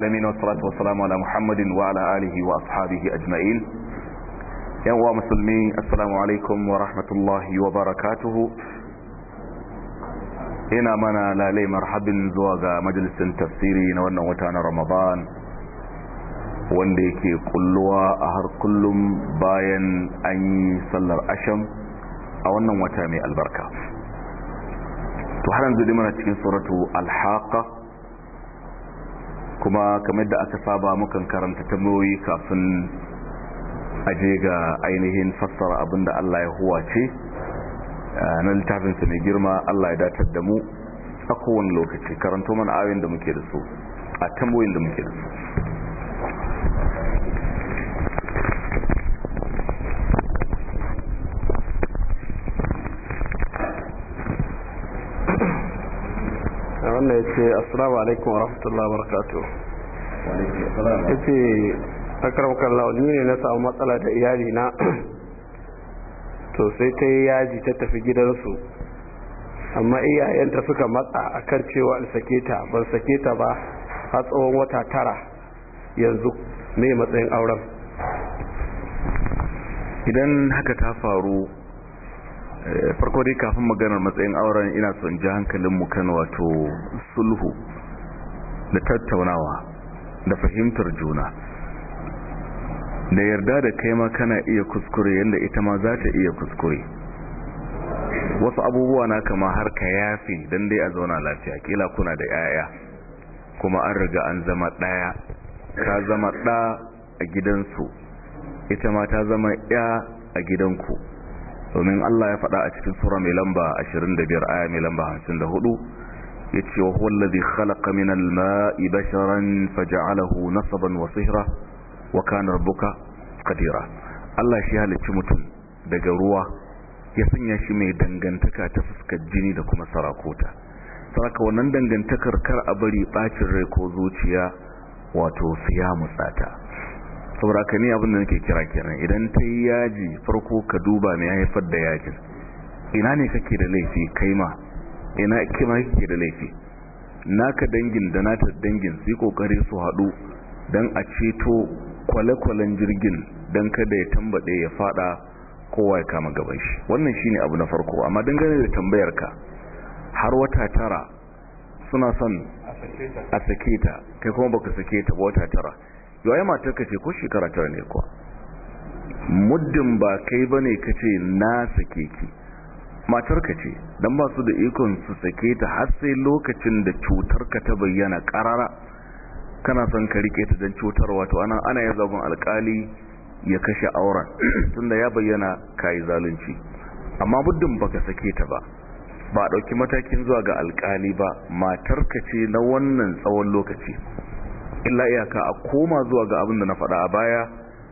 alamin wassalatu ala muhammadin wa ala alihi wa ashabihi ajma'in yan uwa musulmi assalamu alaikum wa rahmatullahi wa barakatuhu ina mana lalai marhabin zuwa ga majalisin tafsiri na wannan wata na ramadan wanda yake kulluwa a har kullum bayan an yi sallar asham a wannan wata mai albarka to har yanzu dai mana cikin suratu alhaqa kuma kamar da aka saba mukan karanta tambayoyi kafin aje ga ainihin fassara abin da Allah ya huwa huwace na littafinsa mai girma Allah ya datar da mu a kowane lokaci karanto mana ayoyin da muke da su a tambayoyin da muke da su wannan ya ce assalamu alaikum rahmatullahi barakatuh ya ce launi ne na samu matsala da iyali na to sai ta yi yaji ta tafi gidansu amma iyayenta suka matsa akan cewa in sake ta ban sake ta ba har tsawon wata tara yanzu ne matsayin auren idan haka ta faru Eh, farko dai kafin maganar matsayin auren ina son ji hankalin mu kan wato sulhu da tattaunawa da fahimtar juna da yarda da kai ma kana iya kuskure yadda ita ma za ta iya kuskure wasu abubuwa na kama har ka yafi don dai a zauna lafiya kila kuna da yaya kuma an riga an zama ɗaya ka zama da a gidansu ita ma ta zama ya a gidanku domin Allah ya faɗa a cikin sura mai lamba 25 aya mai lamba 54 yace wa huwa alladhi khalaqa min al-ma'i faja'alahu faj'alahu nasaban wa sihra wa kana rabbuka qadira Allah shi halicci mutum daga ruwa ya sanya shi mai dangantaka ta fuskar jini da kuma sarakota saraka wannan dangantakar kar a bari bacin rai ko zuciya wato siya mutsata saboda ka ni abin da nake kira kenan idan ta yi yaji farko ka duba mai haifar da yajin ina ne kake da laifi kai ma ina ma kake da laifi naka dangin da nata dangin sai yi kokari su haɗu don a ceto kwale-kwalen jirgin don kada ya tambaɗe ya fada kowa ya kama gaban shi wannan shine abu na farko amma dangane da tambayar ka har wata tara suna son a sake ta kai kuma baka sake ta ba wata tara yawai mata kace ko shekara tara ne kuwa muddin ba kai bane kace na sake ki matar kace ce don ba su da ikon su sake ta har sai lokacin da cutar ka ta bayyana karara kana son ka rike ta dan cutar to ana ana ya zagon alkali ya kashe auren tunda ya bayyana kayi zalunci amma muddin baka sake ta ba ba dauki matakin zuwa ga alkali ba matarka ce na wannan tsawon lokaci illa iyaka a koma zuwa ga abin da na faɗa a baya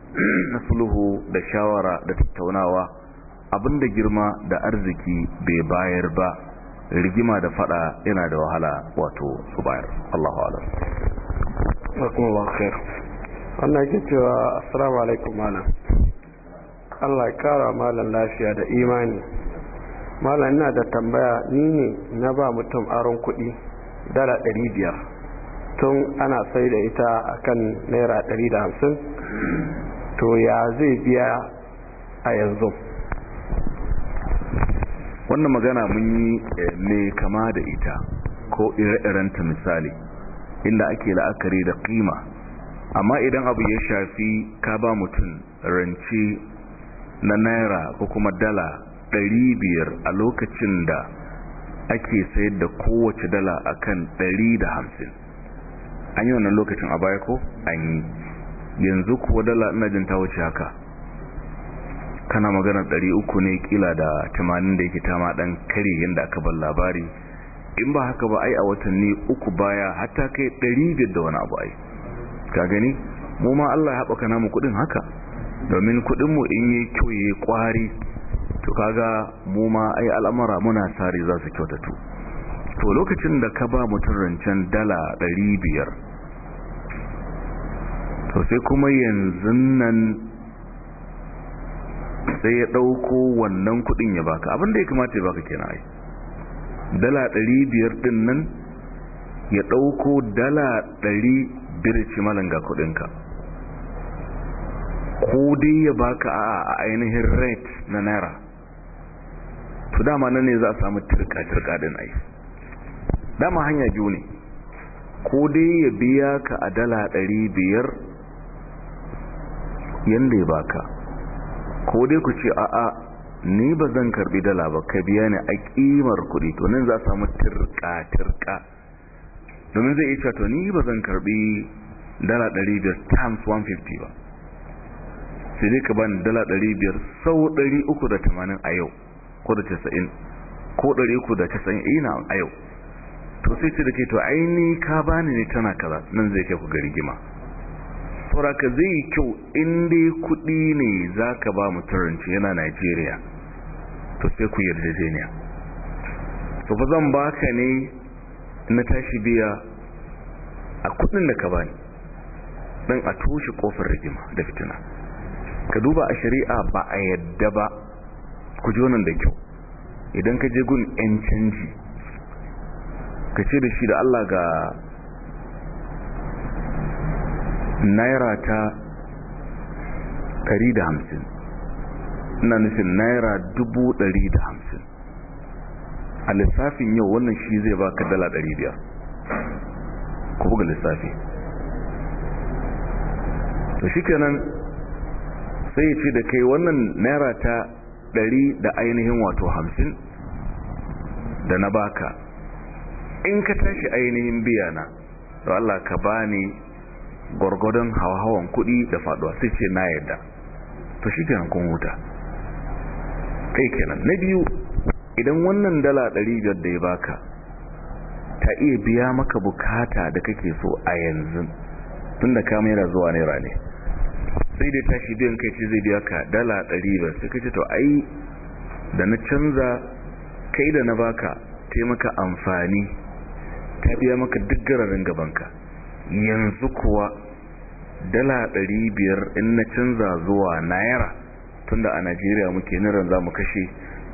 na sulhu da shawara da tattaunawa abin da girma da arziki bai bayar ba rigima da faɗa yana da wahala wato su bayar Allahu alam Allahu khair cewa assalamu alaikum mana. Allah ya kara malam lafiya da imani malam ina da tambaya ni ne na ba mutum aron kuɗi dala ɗari biyar tun ana sai da ita akan naira 150 to ya zai biya a yanzu wannan magana mun yi eh, ne kama da ita ko ire-irenta misali inda ake la'akari da kima amma idan abu ya shafi ka ba mutum rance na naira ko kuma dala biyar a lokacin da ake sayar da kowace dala akan hamsin. an yi wannan lokacin a baya ko an yi yanzu kuwa dala ina jin ta wuce haka kana magana ɗari uku ne kila da tamanin da yake tama ɗan kare yadda aka bar labari in ba haka ba ai a watanni uku baya hatta kai ɗari biyar da wani abu ai ka gani mu ma Allah ya haɓaka namu kuɗin haka domin kuɗin mu in yi kyau yi kwari to kaga mu ma ai al'amura muna sare za su kyautatu to lokacin da ka ba mutum rancen dala biyar to sai kuma yanzu nan sai ya ɗauko wannan kuɗin ya baka abinda ya kamata ya baka kenan ai dala biyar ɗin nan ya ɗauko dala biyar ce malanga kuɗinka ko dai ya baka a ainihin rate na naira to dama nan ne za a samu turka-turka din ai dama hanya biyu ne ko dai ya biya ka a dala ɗari biyar yadda ya baka ko dai ku ce a'a ni ba zan karbi dala ba ka biya ne a ƙimar kuɗi to nan za a samu turka-turka domin zai iya to ni ba zan karbi dala ɗari biyar times 150 ba sai dai ka bani dala ɗari biyar sau ɗari uku da tamanin a yau ko da casa'in ko ɗari uku da casa'in ina a yau to sai ce da ke to aini ka bani ne tana kaza nan zai kai ku ga rigima saboda ka zai yi kyau in dai kuɗi ne za ka ba mutum yana Najeriya to sai ku yarjejeniya to fa zan baka ne na tashi biya a kuɗin da ka bani dan a toshe kofar rigima da fitina ka duba a shari'a ba a yadda ba ku ji wannan da kyau idan ka je gun 'yan canji ka ce da shi da Allah ga naira ta 150 ina nufin naira dubu da 150 a lissafin yau wannan shi zai ba ka dala 500 ku buga lissafi to shi kenan sai ya ce da kai wannan naira ta 100 da ainihin wato hamsin da na baka in ka tashi ainihin biya na to Allah ka bani gwargwadon hawa-hawan kuɗi da faduwa sai ce na yadda to shi kenan kun huta kai kenan na biyu idan wannan dala ɗari biyar da ya baka ta iya biya maka bukata da kake so a yanzu tun da kama yana zuwa naira ne sai dai tashi biyan kai ce zai biya ka dala ɗari biyar sai kace to ai da na canza kai da na baka taimaka amfani ta biya maka duk gararin gabanka yanzu kuwa dala ɗari biyar in na canza zuwa naira tunda a najeriya muke niran za mu kashe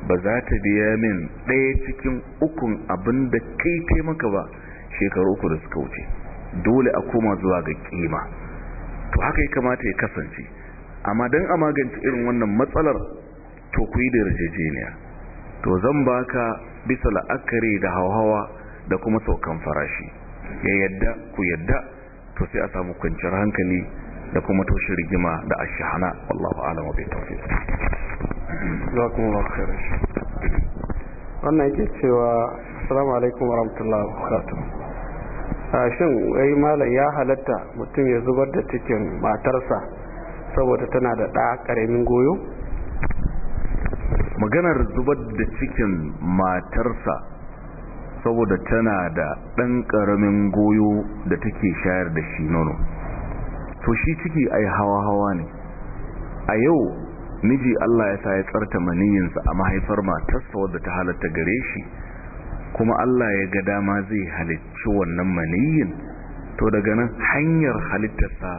ba za ta biya min ɗaya cikin ukun abin da kai taimaka ba shekaru uku da suka wuce dole a koma zuwa ga kima to haka ya kamata ya kasance amma don a magance irin wannan matsalar to ku yi da yarjejeniya to zan baka bisa la'akari da hauhawa da kuma saukan farashi ya yadda ku yadda to sai a samu kwanciyar hankali da kuma toshe rigima da ashahana wallahu alama bai tafi za kuma ba kai wannan yake cewa assalamu alaikum warahmatullahi wabarakatuh a shin wai malam ya halatta mutum ya zubar da cikin matarsa saboda tana da ɗa ƙaramin goyo maganar zubar da cikin matarsa saboda tana da ɗan ƙaramin goyo da take shayar da shi nono to shi ciki ai hawa-hawa ne a yau miji Allah ya sa ya tsarta maniyinsa a mahaifar matarsa wadda ta halatta gare shi kuma Allah ya ga dama zai halicci wannan maniyin to daga nan hanyar halittarsa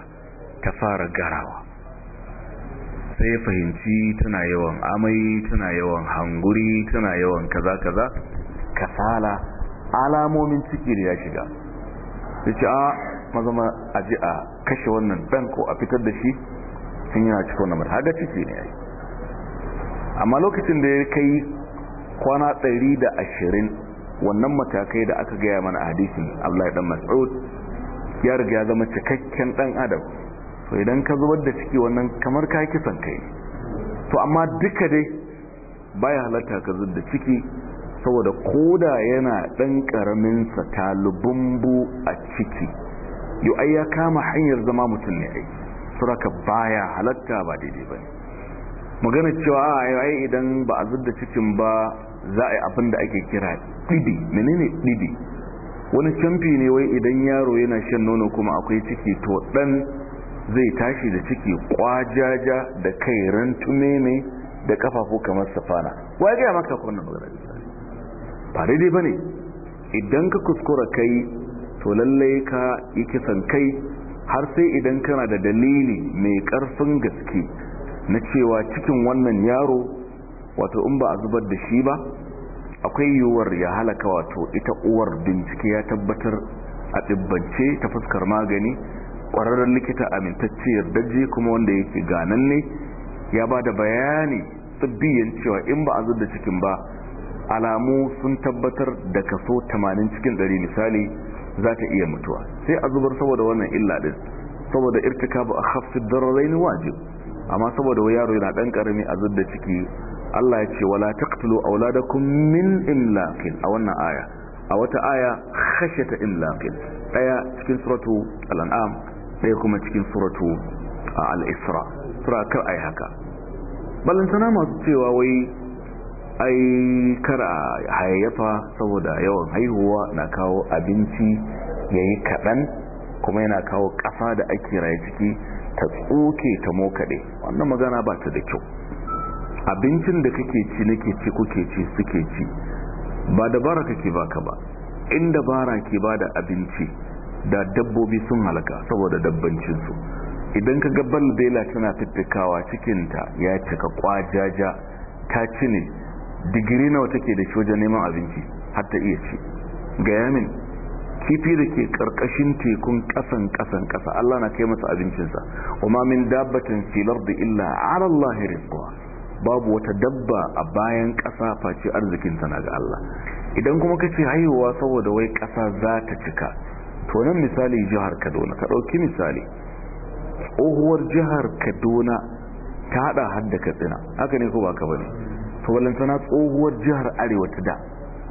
ta fara garawa sai ya fahimci tana yawan amai tana yawan hanguri tana yawan kaza-kaza kasala alamomin ciki ne ya shiga da ce a mazama a ji a kashe wannan dan ko a fitar da shi sun yana cikin wannan mara haga ciki ne ya amma lokacin da ya kai kwana ɗari da ashirin wannan matakai da aka gaya mana a hadisin abdullahi dan mas'ud ya riga ya zama cikakken dan adam to idan ka zubar da ciki wannan kamar ka kisan kai to amma duka dai baya halatta ka zubar da ciki saboda koda yana ɗan ƙaramin sa bu a ciki yau ai ya kama hanyar zama mutum ne ai suraka baya halatta ba daidai ba ne magana cewa ai idan ba a zudda cikin ba za a yi abin da ake kira ɗibi menene didi? wani camfi ne wai idan yaro yana shan nono kuma akwai ciki to ɗan zai tashi da ciki kwajaja da kai rantume ne da kafafu kamar safana wa ya gaya maka kwanan magana ba daidai ba ne idan ka kuskura kai to lallai ka yi kisan kai har sai idan kana da dalili mai karfin gaske na cewa cikin wannan yaro wato in ba a zubar da shi ba akwai yiwuwar ya halaka wato ita uwar bincike ya tabbatar a ɗibbance ta fuskar magani ƙwararren likita amintacciyar daji kuma wanda yake ganan ne ya ba da bayani tsibbiyan cewa in ba a zubar da cikin ba alamu sun tabbatar da kaso 80 cikin 100 misali za ta iya mutuwa sai a zubar saboda wannan illa din saboda irtikabu akhaffi dararain wajib amma saboda wani yaro yana dan karami a zudda ciki Allah ya ce wala taqtulu auladakum min imlaqin a wannan aya a wata aya khashyata imlaqin daya cikin suratu al-an'am daya kuma cikin suratu al-isra sura kar ai haka balantana masu cewa wai ai kar a hayayyafa saboda yawan haihuwa na kawo abinci ya yi kaɗan kuma yana kawo ƙasa da ake raye ciki ta tsoke ta mokaɗe wannan magana ba ta da kyau abincin da kake ci nake ci kuke ci suke ci ba dabara kake baka ba inda bara ke ba da abinci da dabbobi sun halaka saboda dabbancinsu idan ka gabbal bela tana fiffikawa cikinta ya cika kwajaja ta ci ne digiri nawa take da shi wajen neman abinci har ta iya ci ga yamin kifi da ke karkashin tekun kasan kasan kasa Allah na kai masa abincinsa kuma min dabbatin filar da illa ala Allah rizquha babu wata dabba a bayan kasa face arzikin na ga Allah idan kuma kace haihuwa saboda wai kasa za ta cika to nan misali jihar Kaduna ka dauki misali tsohuwar jihar Kaduna ta hada hadda Katsina haka ne ko ba ka bane to balantana tsohuwar jihar arewa ta da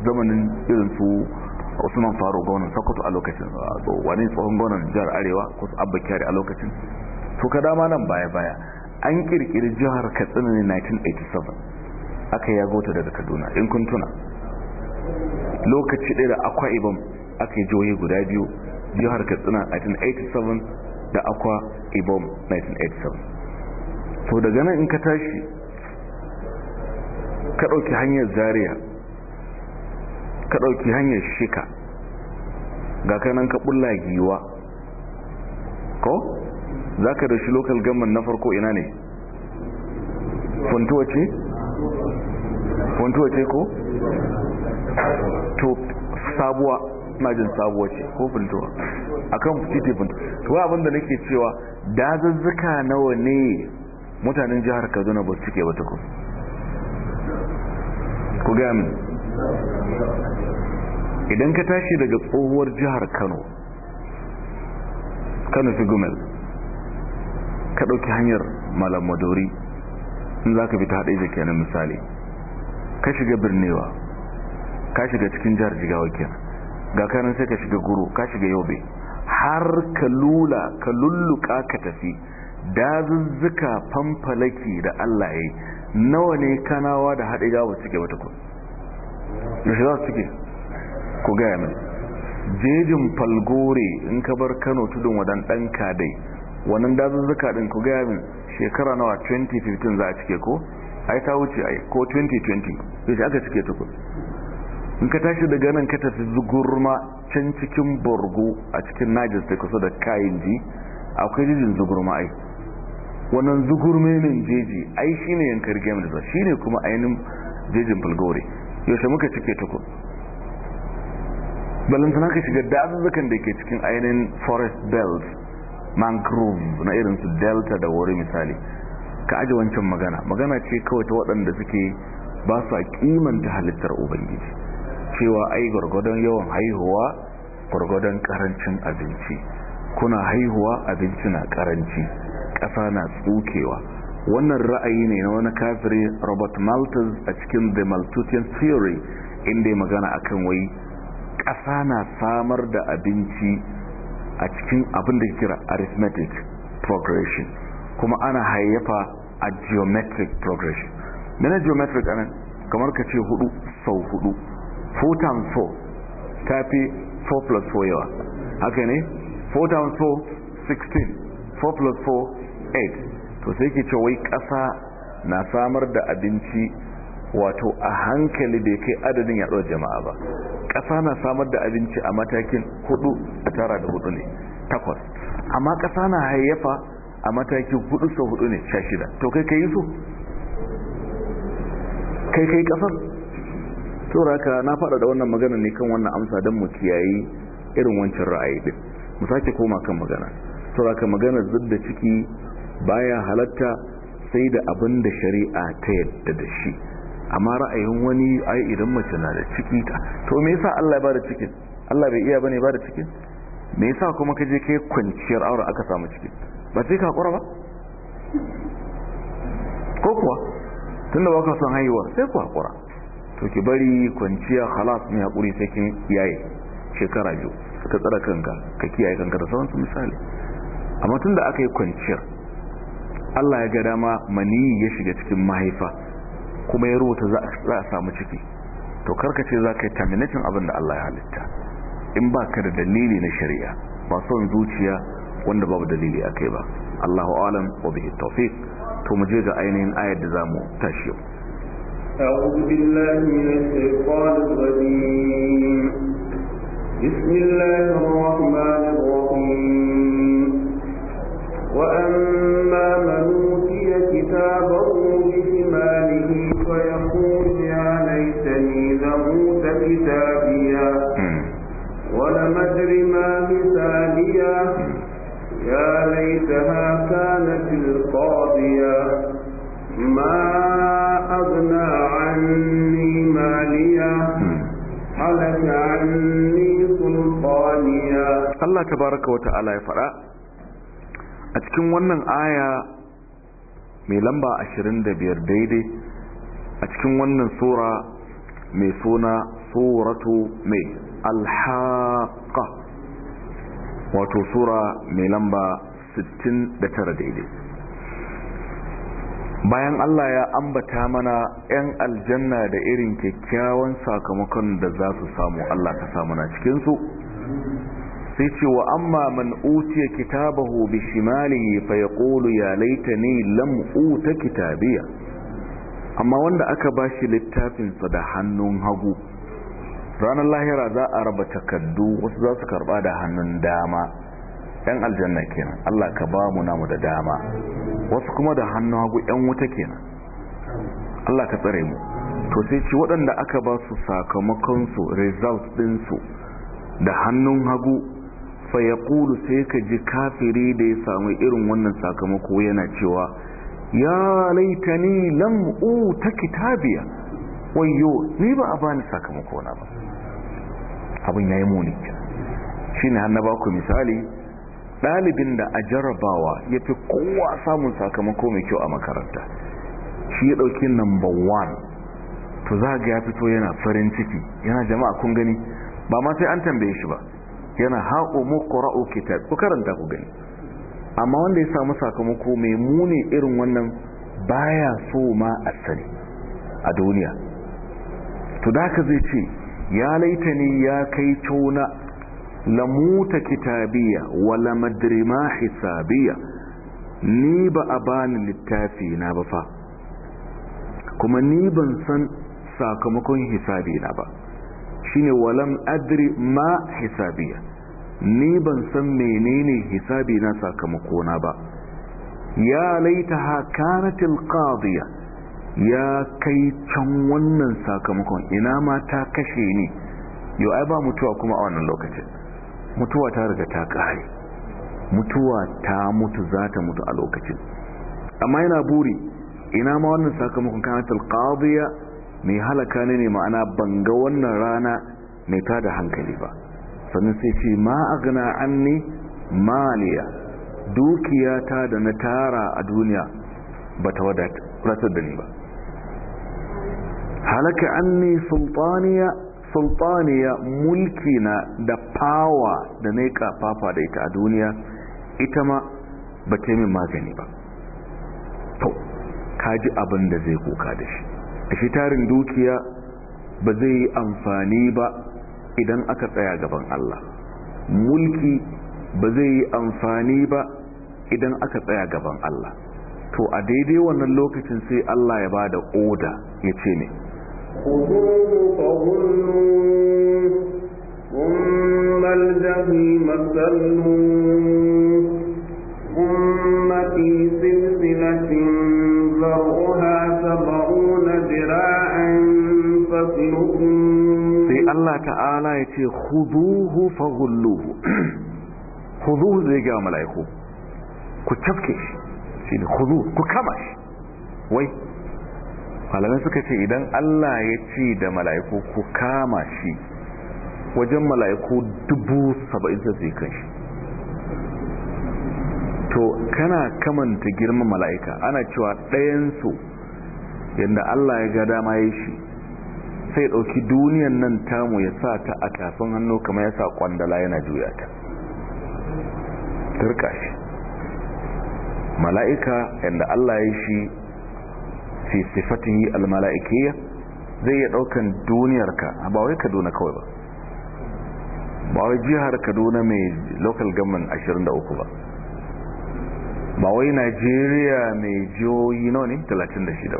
zamanin irin su usman Faru gwamnan sokoto a lokacin wani tsohon gwamnan jihar arewa ko su abba kyari a lokacin to ka dama nan baya baya an kirkiri jihar katsina ne 1987 aka yago ta daga kaduna in kun tuna lokaci ɗaya da akwa ibom aka yi jihohi guda biyu jihar katsina 1987 da akwa ibom 1987 to daga nan in ka tashi ka ɗauki hanyar zariya ka ɗauki hanyar shika ga kanan ka ɓulla giwa ko za ka da shi local government na farko ina ne funtuwa ce? funtuwa ce ko? to sabuwa majin sabuwa ce ko funtuwa akan fitin funtuwa to abinda nake cewa dazuzzuka nawa ne mutanen jihar kaduna ba suke ba tukun ku gami idan ka tashi daga tsohuwar jihar kano kano fi gumel ka ɗauki hanyar malam madori in za ka fi ta haɗe kenan misali ka shiga birnewa ka shiga cikin jihar jigawa kenan ga kanan sai ka shiga guru ka shiga yobe har ka lula ka lulluka ka tafi dazuzzuka fanfalaki da allah ya nawa ne kanawa da haɗe ba cike wata ku da shi za su cike? ku gaya mai jejin falgore in ka bar kano tudun wadan ɗan kadai wannan dazuzzuka ɗin ku gaya min shekara nawa 2015 za a cike ko ai ta wuce ai ko 2020 yaushe aka cike tukun in ka tashi daga nan ka tafi zugurma can cikin borgo a cikin najis da kusa da kayan ji akwai jijin zugurma ai wannan zukurmenin jeji ai shine yankar game da shine kuma ainihin jejin bulgore yaushe muka cike tukun balantana ka shiga dazuzzukan da ke cikin ainihin forest belt mangrove na irin su delta da wuri misali ka aji wancan magana magana ce kawai ta waɗanda suke ba su a kimanta halittar ubangiji cewa ai gwargwadon yawan haihuwa gwargwadon karancin abinci kuna haihuwa abinci na karanci ƙasa na tsukewa wannan ra'ayi ne na wani kafiri robert malthus a cikin the malthusian theory inda ya magana a kan wai ƙasa na samar da abinci a cikin abin da kira arithmetic progression kuma ana hayyafa a geometric progression mene geometric anan kamar ka ce hudu sau hudu 4 times 4 ta fi 4 plus 4 yawa haka ne 4 times 4 16 4 plus 4 egg to sai ke ce wai ƙasa na samar da abinci wato a hankali da ya kai adadin yaɗuwar jama'a ba ƙasa na samar da abinci a matakin hudu a tara da hudu ne takwas amma ƙasa na hayyafa a matakin hudu sau hudu ne sha shida to kai kai so kai kai ƙasar sauraka na faɗa da wannan magana ne kan wannan amsa don mu kiyaye irin wancan ra'ayi din mu sake koma kan magana sauraka magana zub da ciki baya halatta sai da abin da shari'a ta yadda da shi amma ra'ayin wani ai idan mace na da ciki ta to me yasa Allah ya bada cikin Allah bai iya bane bada cikin me yasa kuma kaje kai kwanciyar aure aka samu cikin ba sai ka kura ba ko kuwa tunda baka son haihuwa sai ku hakura to ki bari kwanciya khalas ne hakuri sai kin iyaye shekara biyu ka tsara kanka ka kiyaye kanka da sauran misali amma tunda aka yi kwanciyar Allah ya ga dama mani ya shiga cikin mahaifa kuma ya rubuta za a samu ciki to karka ce za ka yi terminating abin da Allah ya halitta in ba ka da dalili na shari'a ba son zuciya wanda babu dalili a kai ba Allahu alam wa bihi tawfiq to mu je ga ainihin ayar da zamu tashi yau أعوذ بالله من الشيطان الرجيم بسم الله الرحمن الرحيم وأما من أوتي كتابه بشماله فيقول يا ليتني لأوت كتابيا ولم أدر ما حسابيا يا ليتها كانت القاضية ما أغنى عني ماليا حلك عني سلطانيا الله تبارك وتعالى يفرأ a cikin wannan aya mai lamba 25 daidai a cikin wannan sura mai suna suratu mai alhaka, wato sura mai lamba 69 daidai bayan Allah ya ambata mana 'yan aljanna da irin kyakkyawan sakamakon da za su samu Allah ta samu cikinsu sai ce wa amma man utiya kitabahu bi shimalihi fa yaqulu ya laitani lam uta kitabiya amma wanda aka bashi littafin sa da hannun hagu ranar lahira za a raba takaddu wasu za su karba da hannun dama yan aljanna kenan Allah ka ba mu namu da dama wasu kuma da hannun hagu yan wuta kenan Allah ka tsare mu to sai ce waɗanda aka ba su sakamakonsu result ɗinsu da hannun hagu fa ya sai ka ji kafiri da ya samu irin wannan sakamako yana cewa ya ni lam'u ta kitabiya wayo ni ba a bani sakamako na ba abin yayi muni shi har na ba ku misali ɗalibin da a jarrabawa ya fi kowa samun sakamako mai kyau a makaranta shi ya ɗauki number one to za ga ya fito yana farin ciki yana jama'a kun gani ba ma sai an tambaye shi ba yana haƙo muqra'u kitab ku karanta ku gani amma wanda ya samu sakamako mai muni irin wannan baya so ma a sani a duniya to da ka zai ce ya laitani ya kai tona lamuta kitabiya wala madrima hisabiya ni ba a bani littafi na ba fa kuma ni ban san sakamakon hisabi na ba shine walam adri ma hisabiya ni ban san menene hisabi na sakamakona ba ya laitaha kanatil qadiya ya kai can wannan sakamakon ina ma ta kashe ni yau ai ba mutuwa kuma a wannan lokacin mutuwa ta riga ta kare mutuwa ta mutu za ta mutu a lokacin amma yana buri ina ma wannan sakamakon kanatil qadiya mai halaka ne ne ma'ana ban ga wannan rana mai da hankali ba sannan sai ce ma agna anni maliya dukiyata da na tara a duniya ba ta wadatar da ni ba halaka ne sultaniya mulki na da fawa da na yi kafafa da ita a duniya ita ma ba ta yi min magani ba to kaji abin da zai kuka da shi shi tarin dukiya ba zai yi amfani ba idan aka tsaya gaban Allah mulki ba zai yi amfani ba idan aka tsaya gaban Allah to a daidai wannan lokacin sai Allah ya bada oda ya ce ne ثم الجحيم ثم في سلسلة ذرعها سبعون ذراعا فاسلكوه sai Allah ta'ala ya ce khuduhu faghulluhu khuduhu zai ga mala'iku ku tafke shi ne khudu ku kama shi wai malamai suka ce idan Allah ya ce da mala'iku ku kama shi wajen mala'iku dubu saba'in zai kan shi to kana kamanta girma mala'ika ana cewa ɗayansu yadda Allah ya ga dama ya shi sai ɗauki duniyan nan tamu ya sa ta a tafin hannu kamar ya sa ƙwandala yana juya ta turka shi mala'ika yadda Allah ya shi fi sifatin yi almala'ikiyya zai iya ɗaukan duniyarka ba wai kaduna kawai ba ba jihar kaduna mai local government 23 ba ba wai nigeria mai jihohi nawa ne 36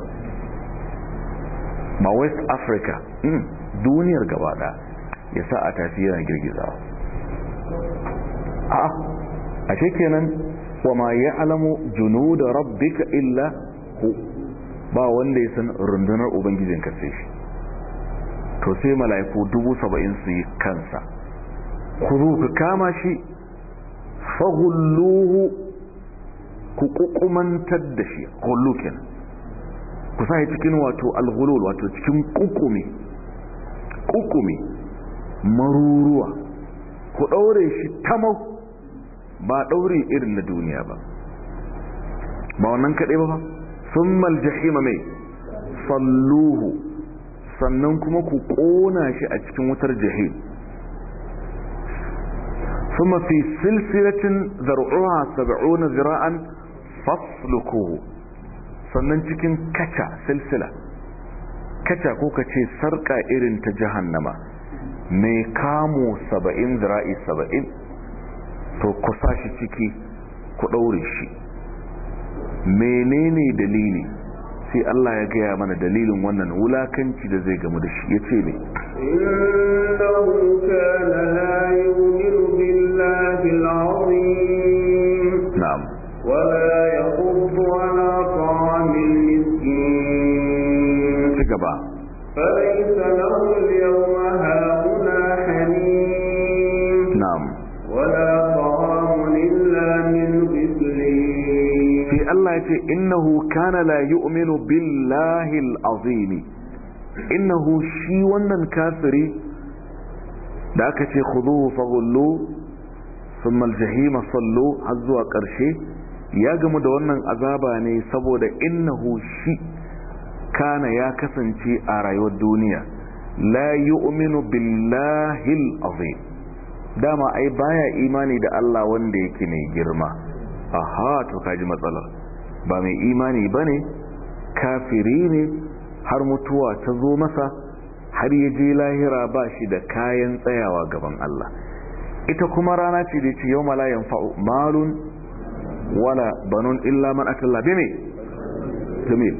ba west africa hmm. duniyar gabaɗa ya sa a tafiya na girgizawa a a shekenan wa ma ya alamu junu da rabbika illa ku ba wanda ya san rundunar ubangijin kasai shi to sai mala'iku dubu saba'in su yi kansa ku ka kama shi fagulluhu ku kukumantar da shi hulukin ku sa cikin wato alhulul wato cikin kukumi kukumi maruruwa ku ɗaure shi tamau ba ɗaure irin na duniya ba ba wannan kaɗai ba sun maljahima mai salluhu sannan kuma ku ƙona shi a cikin wutar jahim sun mafi silsilacin zar'uwa saba'una zira'an faslukuhu sannan cikin kaca silsila kaca ko kace sarƙa sarka irin ta jahannama mai kamo saba'in zira'i saba'in to ku shi ciki ku ɗaure shi menene dalili sai Allah ya gaya mana dalilin wannan wulakanci da zai gamu da shi ya ce ne inda kana na yu'minu billahi ce innahu kana la yu'minu billahi al-azim innahu shi wannan kafiri da aka ce khuduhu faghullu thumma al-jahima sallu har zuwa karshe ya gamu da wannan azaba ne saboda innahu shi kana ya kasance a rayuwar duniya la yu'minu billahi al-azim dama ai baya imani da Allah wanda yake mai girma aha to kaji matsalar ba mai imani ba ne kafiri ne har mutuwa ta zo masa har ya je lahira ba shi da kayan tsayawa gaban Allah ita kuma rana ce da ce yau malayan fa'o malun wala banun illa man atalla bi ne. jamil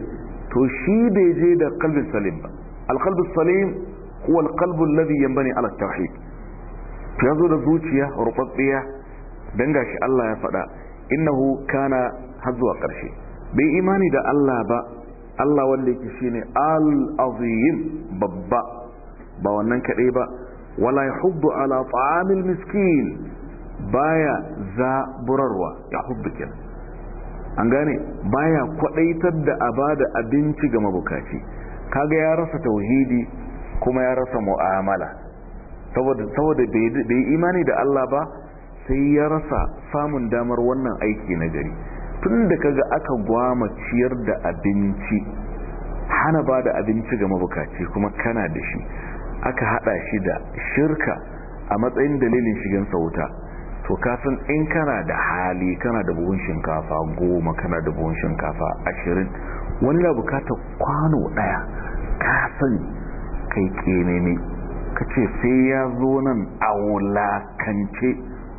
to shi bai je da kalbin salim ba alkalbin salim huwa alkalbin ladhi yanbani ala tauhid ya zo da zuciya rufatsiya dan gashi Allah ya faɗa innahu kana har zuwa ƙarshe bai imani da Allah ba Allah wanda yake shine al-azim babba ba wannan kaɗai ba wala yahuddu ala ta'amil miskin baya zaburarwa ya hubbu kenan an gane baya kwadaitar da abada abinci ga mabukaci kaga ya rasa tauhidi kuma ya rasa mu'amala saboda saboda bai imani da Allah ba sai ya rasa samun damar wannan aiki na gari tun da kaga aka gwama ciyar da abinci hana ba da abinci ga mabukaci kuma kana da shi aka hada shi da shirka a matsayin dalilin shigan sauta to kafin in kana da hali kana da buhun shinkafa goma kana da buhun shinkafa ashirin wani na bukatar kwano daya kafin san kai kememe ka ce sai ya zo nan a wulakance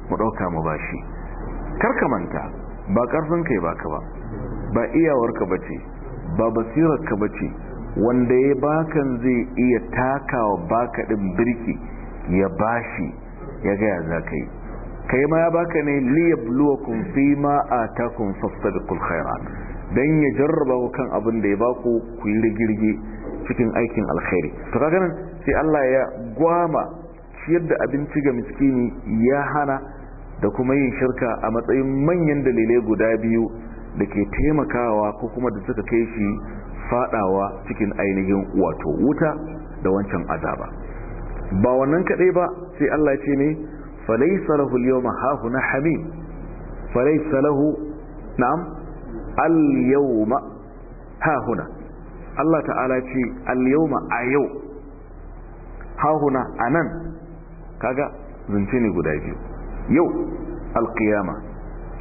mu dauka mu bashi kar ka manta ba karfin kai ka ba ba iyawarka bace ba basirarka bace wanda ya bakan zai iya takawa baka din birki ya bashi ya gaya ya ka yi kai ma ya baka ne liyabluwakum fima atakum fastabiqul khairat dan ya jarraba ku kan abin da ya baku ku yi rigirgi cikin aikin alkhairi to kaga sai Allah ya gwama ciyar da abinci ga miskini ya hana da kuma yin shirka a matsayin manyan dalilai guda biyu da ke taimakawa ko kuma da suka kai shi fadawa cikin ainihin wato wuta da wancan azaba ba wannan kadai ba sai Allah ce ne falaysa lahu al-yawma hahuna hamim falaysa lahu na'am al-yawma hahuna Allah ta'ala ce al-yawma a yau hahuna anan kaga zance ne guda biyu yau alkiyama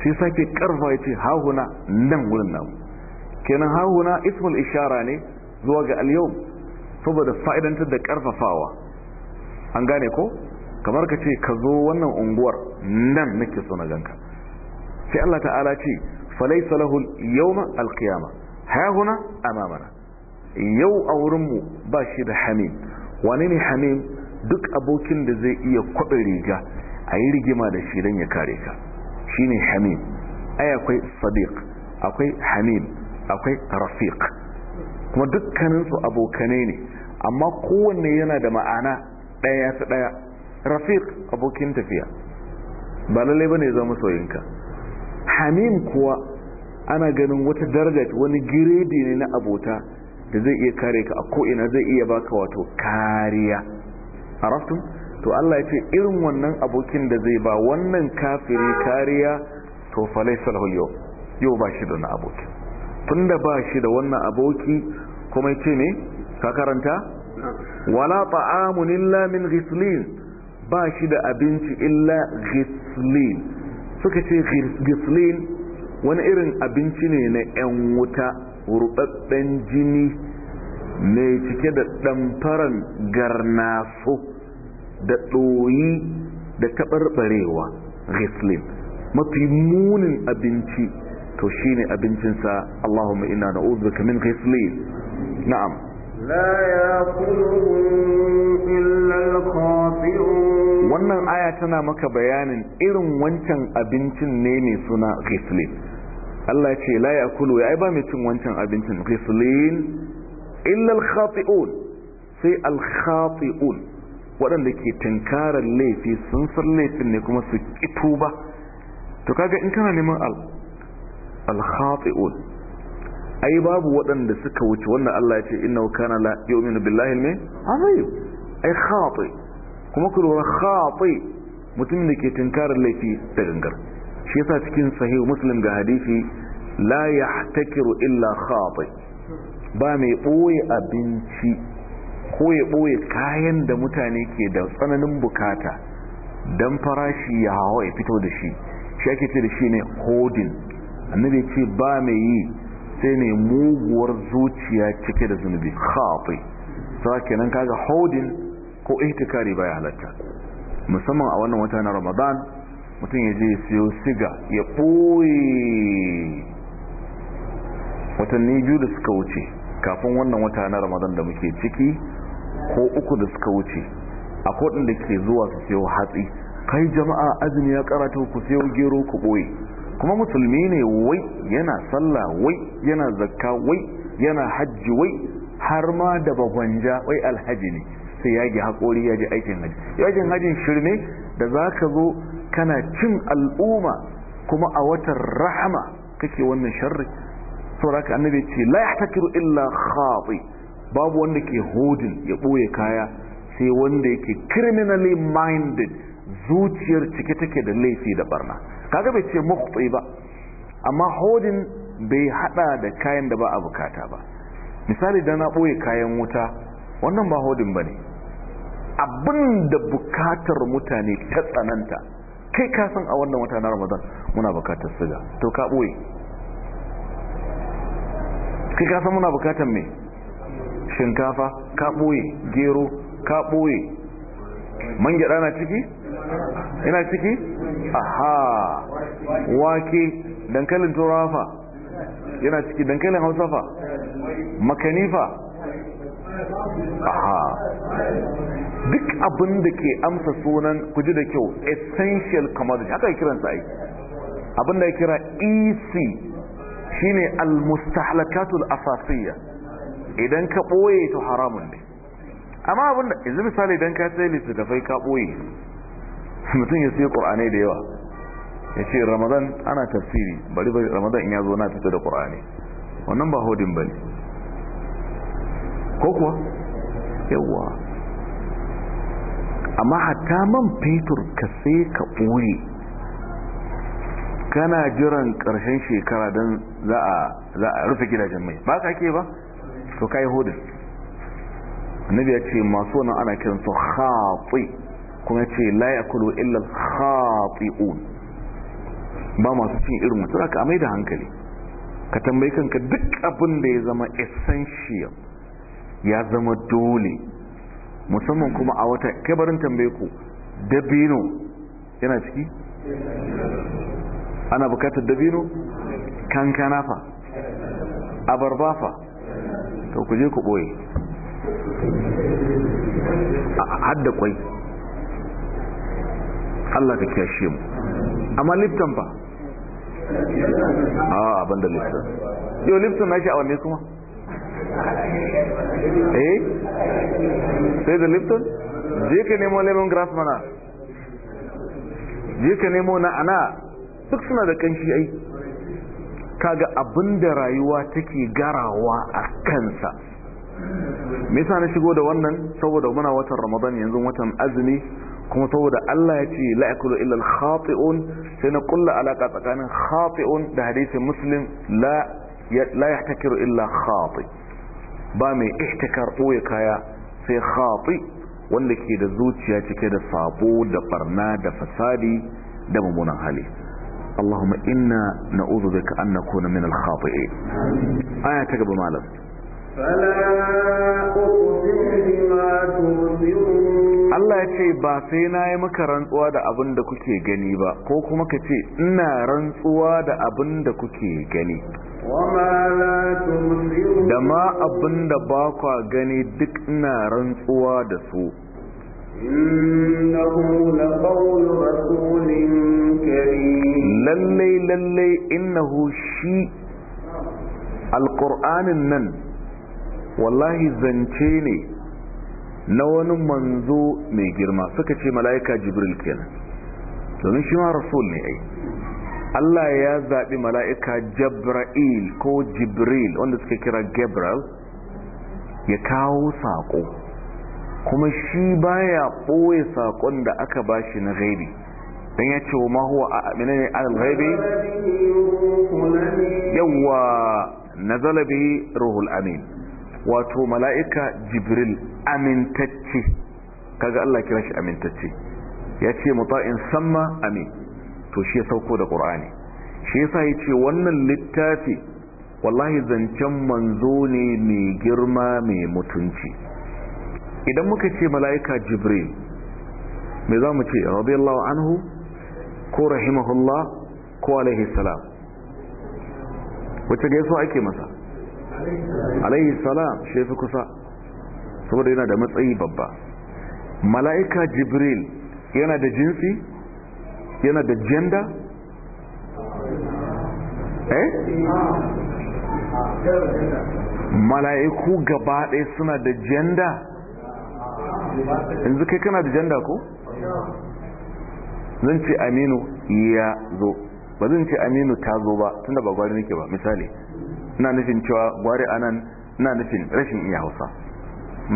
sai sake karfa ya ce hahuna nan wurin namu kenan hahuna ismul ishara ne zuwa ga alyau saboda fa'idantar da karfafawa an gane ko kamar ka ce ka zo wannan unguwar nan nake so na ganka sai Allah ta'ala ce falaysa lahu yawma alqiyama hahuna amamana yau a wurinmu ba shi da hamim wani ne hamim duk abokin da zai iya kwaɓe riga a yi rigima da shi don ya kare ka shi ne hamim ai akwai sadiq akwai hamim akwai rafiq kuma dukkaninsu abokanai ne amma kowanne yana da ma'ana ɗaya ta ɗaya rafiq abokin tafiya ba lallai ba ne zama soyinka hamim kuwa ana ganin wata daraja wani giredi ne na abota da zai iya kare ka a ko'ina zai iya baka wato kariya a to Allah ya ce irin wannan abokin da zai ba wannan kafiri kariya to falaisa lahu yau yau ba shi da wannan aboki tunda ba shi da wannan aboki kuma yace ne ka karanta wala ta'amun illa min ghislin ba shi da abinci illa ghislin suka ce ghislin wani irin abinci ne na yan wuta rubabben jini mai cike da ɗamfaran garnaso da ɗoyi da taɓarɓarewa ghislin mafi munin abinci to shine abincinsa Allahumma ina na'udhuka min ghislin na'am la wannan aya tana maka bayanin irin wancan abincin ne ne suna ghislin Allah ce la kulu ya ai ba mai cin wancan abincin ghislin illa al-khati'un sai al-khati'un waɗanda ke tunkarar laifi sun san laifin ne kuma su ƙi ba to kaga in kana neman al-khati'un ai babu waɗanda suka wuce wannan Allah ya ce inna kana la yu'minu billahi ne azayyu ai khati kuma ku lura khati mutum da ke tunkarar laifi da gangar shi yasa cikin sahih muslim ga hadisi la yahtakiru illa khati ba mai boye abinci ko ya ɓoye kayan da mutane ke da tsananin bukata don farashi ya hawa ya fito da shi shi ake ce da shi ne hodin annabi ce ba mai yi sai ne muguwar zuciya cike da zunubi hafi sa kenan kaga hodin ko ihtikari baya halatta musamman a wannan wata na ramadan mutum ya je siyo siga ya ɓoye watanni biyu da suka wuce kafin wannan wata na ramadan da muke ciki ko uku da suka wuce a kodin da ke zuwa su siyo hatsi kai jama'a azumi ya karatu ku siyo gero ku ɓoye kuma musulmi ne wai yana sallah wai yana zakka wai yana hajji wai har ma da bagwanja wai alhaji ne sai ya ji haƙori ya ji aikin haji yajin hajin shirme da za ka zo kana cin al'umma kuma a watan rahama kake wannan sharri saboda annabi ce la yahtakiru illa khati babu wanda ke hodin ya ɓoye kaya sai wanda yake criminally minded zuciyar cike take da laifi da barna kaga bai ce mukhti ba amma hodin bai hada da kayan da ba a bukata ba misali da na ɓoye kayan wuta wannan ba hodin ba ne abin da bukatar mutane ta tsananta kai kasan a wannan wata na ramadan muna bukatar siga to ka ɓoye kai kasan muna bukatar mai shinkafa ka ɓoye gero ka ɓoye man gyaɗa na ciki? ina ciki? aha wake dankalin turawa fa yana ciki dankalin hausa fa makanifa aha duk abin da ke amsa sunan kuji da kyau essential commodity haka kiransa ai abin da ya kira ec shine al-mustahlakatul asasiyya idan ka ɓoye to haramun ne amma abinda izu misali idan ka sai littattafai ka ɓoye mutum ya sai ƙur'anai da yawa ya ce ramadan ana tafsiri bari bari ramadan in ya zo na fito da ƙur'ani wannan ba hodin ba ne ko kuwa yawa amma hatta man fetur ka sai ka ɓoye kana jiran ƙarshen shekara don za a rufe gidajen mai ba ka ke ba to kai hudu annabi ya ce masu wannan ana kiran su khati kuma ya ce la yakulu illa khati'un ba masu cin irin mutum aka amai da hankali ka tambayi kanka duk abin da ya zama essential ya zama dole musamman kuma a wata kabarin tambaye ku dabino yana ciki ana bukatar dabino kankana fa abarba fa to ku je ku boye hadda kwai Allah ta kyashe mu amma lifton ba a ah, abin da lifton yau lifton na shi a kuma eh sai da lifton je ka nemo lemon grass mana je ka nemo na ana duk suna da kanshi aiki kaga abinda rayuwa take garawa a kansa me yasa na shigo da wannan saboda muna watan Ramadan yanzu watan azumi kuma saboda Allah ya ce la yakulu illa al-khati'un sai na kulla alaka tsakanin khati'un da hadisin muslim la la yahtakiru illa khati ba mai ihtikar ya kaya sai khati wanda ke da zuciya cike da sabo da barna da fasadi da mummunan hali اللهم إنا نعوذ بك أن نكون من الخاطئين آية تقبل مالك فلا Allah ya ce ba sai na yi maka rantsuwa da abin da kuke gani ba ko kuma ka ce ina rantsuwa da abin da kuke gani da ma abin da ba kwa gani duk ina rantsuwa da su lallai lallai innahu shi alƙur'anin nan wallahi zance ne na wani manzo mai girma suka ce mala'ika jibril kenan domin shi ma rasul ne ai Allah ya zaɓi mala'ika Jibril ko jibril wanda suka kira gabriel ya kawo saƙo kuma shi baya ɓoye saƙon da aka bashi na gaibi Dan ya ce wa ma huwa a ne alal gaibi yawa nazala bihi ruhul amin wato mala'ika jibril amintacce kaga Allah kira shi amintacce ya ce muta'in samma amin to shi ya sauko da qur'ani shi yasa ya ce wannan littafi wallahi zancen manzo ne mai girma mai mutunci idan muka ce mala'ika jibril mai za mu ce radiyallahu anhu ko rahimahullah ko alaihi salam wacce ga yaso ake masa alaihi salam shafi kusa saboda yana da matsayi babba mala'ika jibril yana da jinsi yana da janda eh mala'iku gaba ɗaya suna da janda yanzu kai kana da janda ko zan ce aminu ya zo ba zan ce aminu ta zo ba tunda ba gwari nake ba misali ina nufin cewa gwari anan ina nufin rashin iya hausa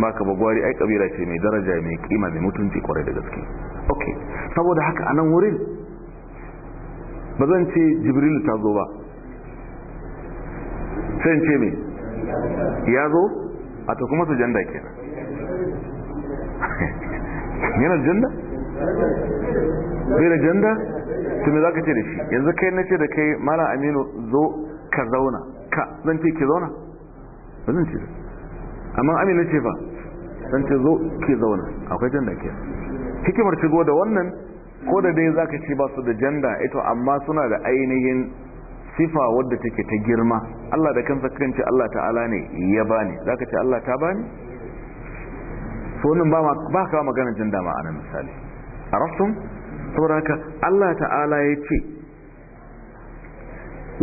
ba ka ba gwari ai kabila ce mai daraja mai kima mai mutunci kwarai da gaske ok saboda haka anan wurin ba zan ce jibril ta zo ba sai ce mai ya zo a ta kuma su janda kenan yana janda? bai da janda? to za ka ce da shi yanzu kai na ce da kai mana aminu zo ka zauna ka zan ce ki zauna? ba zan ce amma aminu ce ba zan ce zo ki zauna akwai janda ke hikimar shigo da wannan ko da dai za ka ce ba su da janda ito eh amma suna da ainihin sifa wadda take ta girma Allah da kansa kanci Allah ta'ala ne ya bani za ka ce Allah ta bani so nan ba kawo maganar jin dama a nan misali a rafton sauraka Allah ta'ala ya ce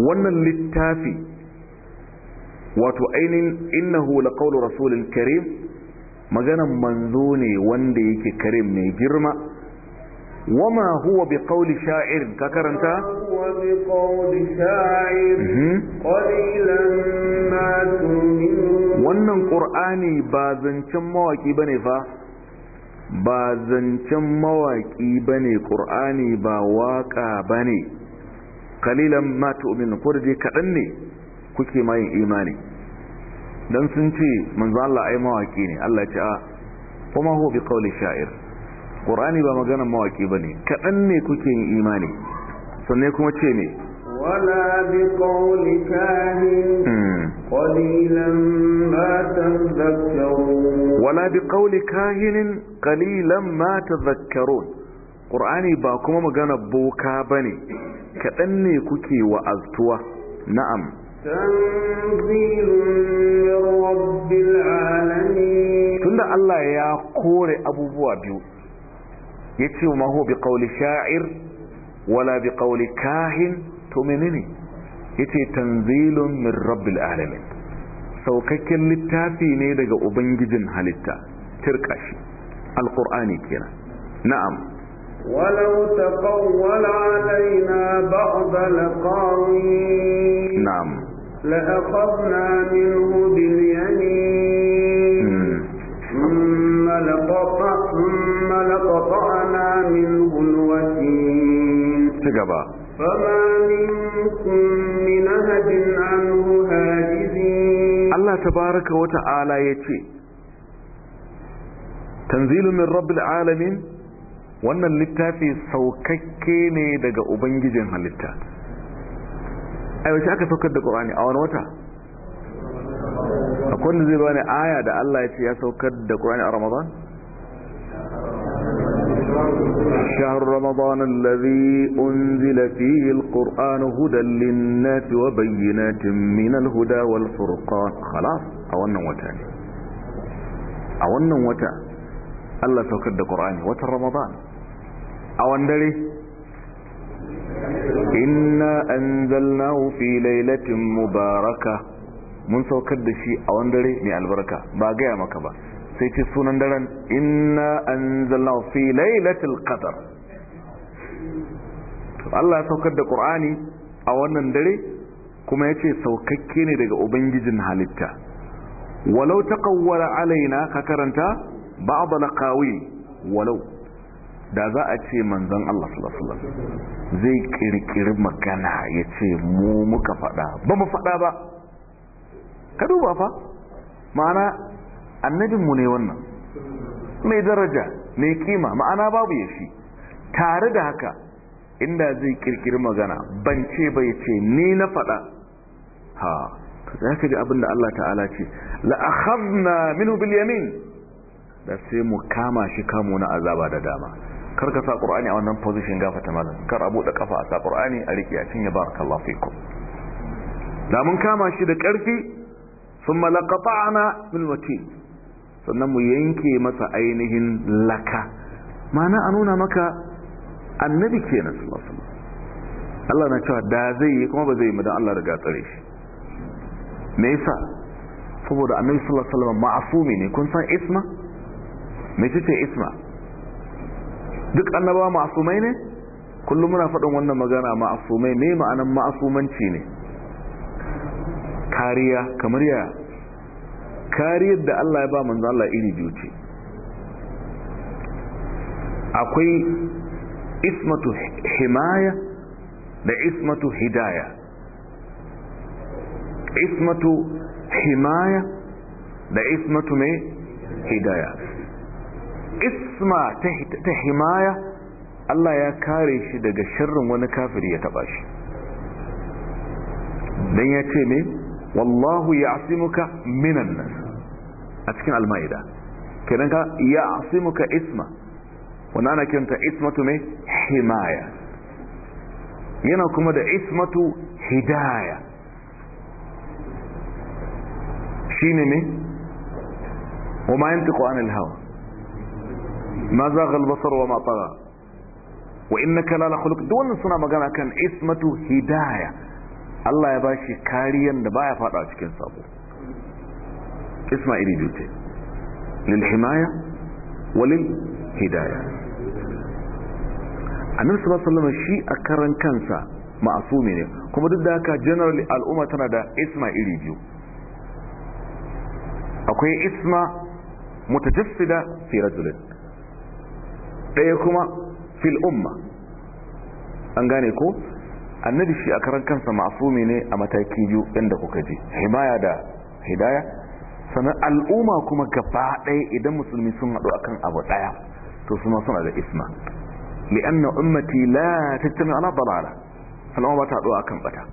wannan littafi wato ainihin innahu la qawlu rasulil karim maganan manzo ne wanda yake karim mai girma وما هو بقول شاعر ككرنتا هو بقول شاعر قليلا ما تؤمنون wannan qur'ani ba zancen mawaki bane fa ba zancen mawaki bane qur'ani ba waka bane qalilan ma tu'minu ko dai kadan ne kuke ma yin imani dan sun ce manzo Allah ai mawaki ne Allah ya ce a kuma huwa biqauli sha'ir ƙorani ba magana mawaƙi ba ne kaɗan ne kuke yin imani sannan kuma ce ne wala bi ƙauli kahin ƙalilan hmm. ma tazakkarun wala bi ƙauli kahinin ƙalilan ma tazakkarun ƙorani ba kuma magana boka ba ne kaɗan ne kuke wa'aztuwa na'am tunda Allah ya kore abubuwa biyu يتيو ما هو بقول شاعر ولا بقول كاهن تؤمنني يتي تنزيل من رب العالمين سو ككل التافي نيدق أبنجدن هالتا تركش القرآن كنا نعم ولو تقول علينا بعض القارين نعم لأخذنا منه باليمين Allah ta baraka wata ala ya ce, Tanzilumin Rabbul Alamin wannan littafi saukakke ne daga Ubangijin halitta. A wace aka saukar da ƙorani a wani wata? akwai wanda zai bani aya da Allah ya ce ya saukar da Qur'ani a Ramadan شهر رمضان الذي أنزل فيه القرآن هدى للناس وبينات من الهدى والفرقان خلاص أولنا وتاني أولنا وتا الله سوكر دا قرآني وتا رمضان أولنا لي إنا أنزلناه في ليلة مباركة mun saukar da shi a wani dare mai albarka ba gaya maka ba sai ce sunan daren inna zalla fi lailatul qadar Allah ya saukar da Qur'ani a wannan dare kuma yace saukakke ne daga ubangijin halitta walau taqawwala alaina ka karanta ba'd alqawi walau da za a ce manzon Allah sallallahu alaihi wasallam zai kirkiri magana yace mu muka fada ba mu fada ba ka duba fa ma'ana annabinmu ne wannan mai daraja mai kima ma'ana babu ya shi tare da haka inda zai kirkiri magana ban ce bai ce ni na faɗa ha za ka ji abin da Allah ta'ala ce la'akhazna minhu bil yamin da sai mu kama shi kamo na azaba da dama kar ka sa qur'ani a wannan position gafata malam kar abu da kafa a sa qur'ani a riƙe a cinye barakallahu fikum da mun kama shi da ƙarfi sun malakata'ana min watin sannan mu yanke masa ainihin laka mana a nuna maka annabi kenan sallallahu alaihi Allah na cewa da zai yi kuma ba zai yi mu Allah riga tsare shi me yasa saboda annabi sallallahu ma'asumi ne kun san isma mai cice isma duk annabawa ma'asumai ne kullum muna faɗin wannan magana ma'asumai ne ma'anan ma'asumanci ne kariya kamar ya kariyar da Allah ya ba manzo Allah iri biyu ce akwai ismatu himaya da ismatu hidaya ismatu himaya da ismatu mai hidaya isma ta himaya Allah ya kare shi daga sharrin wani kafiri ya taba shi don ya ce ne wallahu ya asimuka minan a cikin almaida kenan ka ya asimuka isma wani ana kinta ismatu himaya yana kuma da ismatu hidaya shi wa ma yanti ƙwanin hawa ma za a galbasar wa ina kalala kuluk duwannan suna magana kan ismatu hidaya Allah ya bashi kariyan da ya fada cikin sabo isma'ili biyu ce lil himaya walil hidaya annabi sallallahu alaihi wasallam shi a karan kansa ma'asumi ne kuma duk da haka generally al'umma tana da isma biyu akwai isma mutajassida fi rajulin ɗaya kuma fil umma an gane ko annabi shi a karan kansa masumi ne a mataki biyu inda kuka je himaya da hidaya sannan al'umma kuma gaba ɗaya idan musulmi sun haɗu akan abu ɗaya to su ma suna da isma li'anna ummati la tattami ala dalala al'umma ba ta akan bata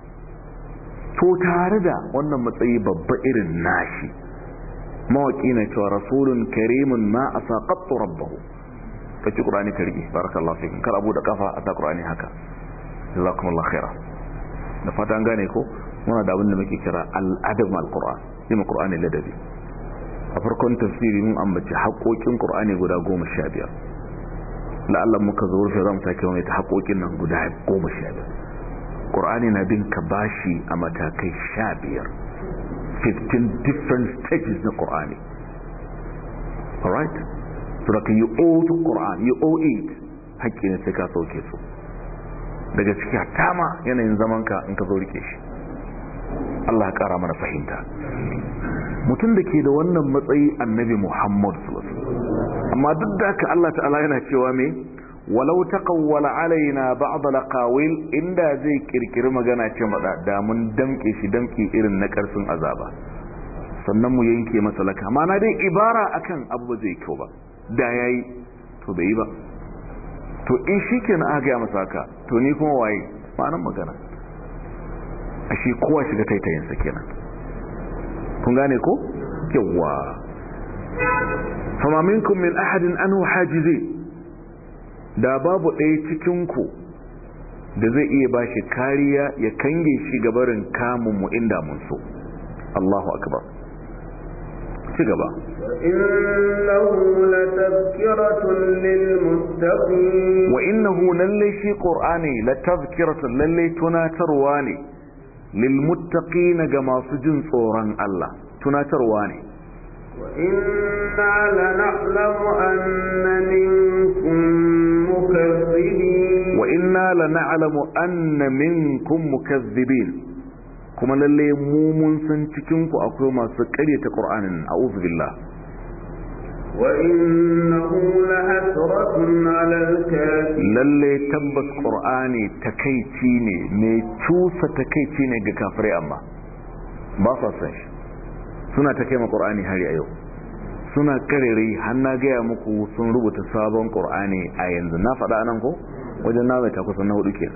to tare da wannan matsayi babba irin nashi mawaki na cewa rasulun karimun ma a saƙaɓɓu rabbahu ka ci ƙurani barakallahu fikin kar abu da kafa a ta haka jazakumullahu khaira da fatan an gane ko muna da abin da muke kira al'adab al-qur'an yi qur'ani ladabi a farkon tafsiri mun ambaci haƙoƙin qur'ani guda 15 la'allan muka zo rufe zamu sake wani ta haƙoƙin nan guda 15 qur'ani na bin ka bashi a matakai 15 15 different stages na qur'ani alright so da kan you owe to qur'an you owe it haƙƙi ne sai ka sauke so. daga ciki hatta yanayin yanayin zamanka in ka zo rike shi Allah kara mana fahimta mutum da ke da wannan matsayi annabi Muhammad amma duk da ka Allah ta'ala yana cewa me walau taqawwala alaina ba'd alqawil inda zai kirkiri magana ce maza da mun damke shi damke irin na karfin azaba sannan mu yanke masa laka mana dai ibara akan abu zai kyau ba da yayi to bai yi ba to in shi ke na aka masa haka to ni kuma waye ma'anan magana a shi kowa shiga taitayinsa kenan kun gane ko yawwa fama min ahadin anhu hajizi da babu ɗaya cikinku da zai iya ba shi kariya ya kange shi gabarin kamunmu inda mun so Allahu akbar ci gaba إنه لتذكرة للمتقين وإنه للي في قرآني لتذكرة للي تناترواني للمتقين كما سجن صورا الله تناترواني وإنا لنعلم أن منكم مكذبين وإنا لنعلم أن منكم مكذبين kuma lalle mu mun san cikin ku akwai masu ƙaryata Qur'anin a'udhu billah Lallai tabbas ƙur'ani takaici ne mai cusa takaici ne ga kafirai amma ba su sashi suna take ma ƙur'ani har a yau suna karere hannu gaya muku sun rubuta sabon ƙur'ani a yanzu na faɗa nan ko wajen na mai na hudu ke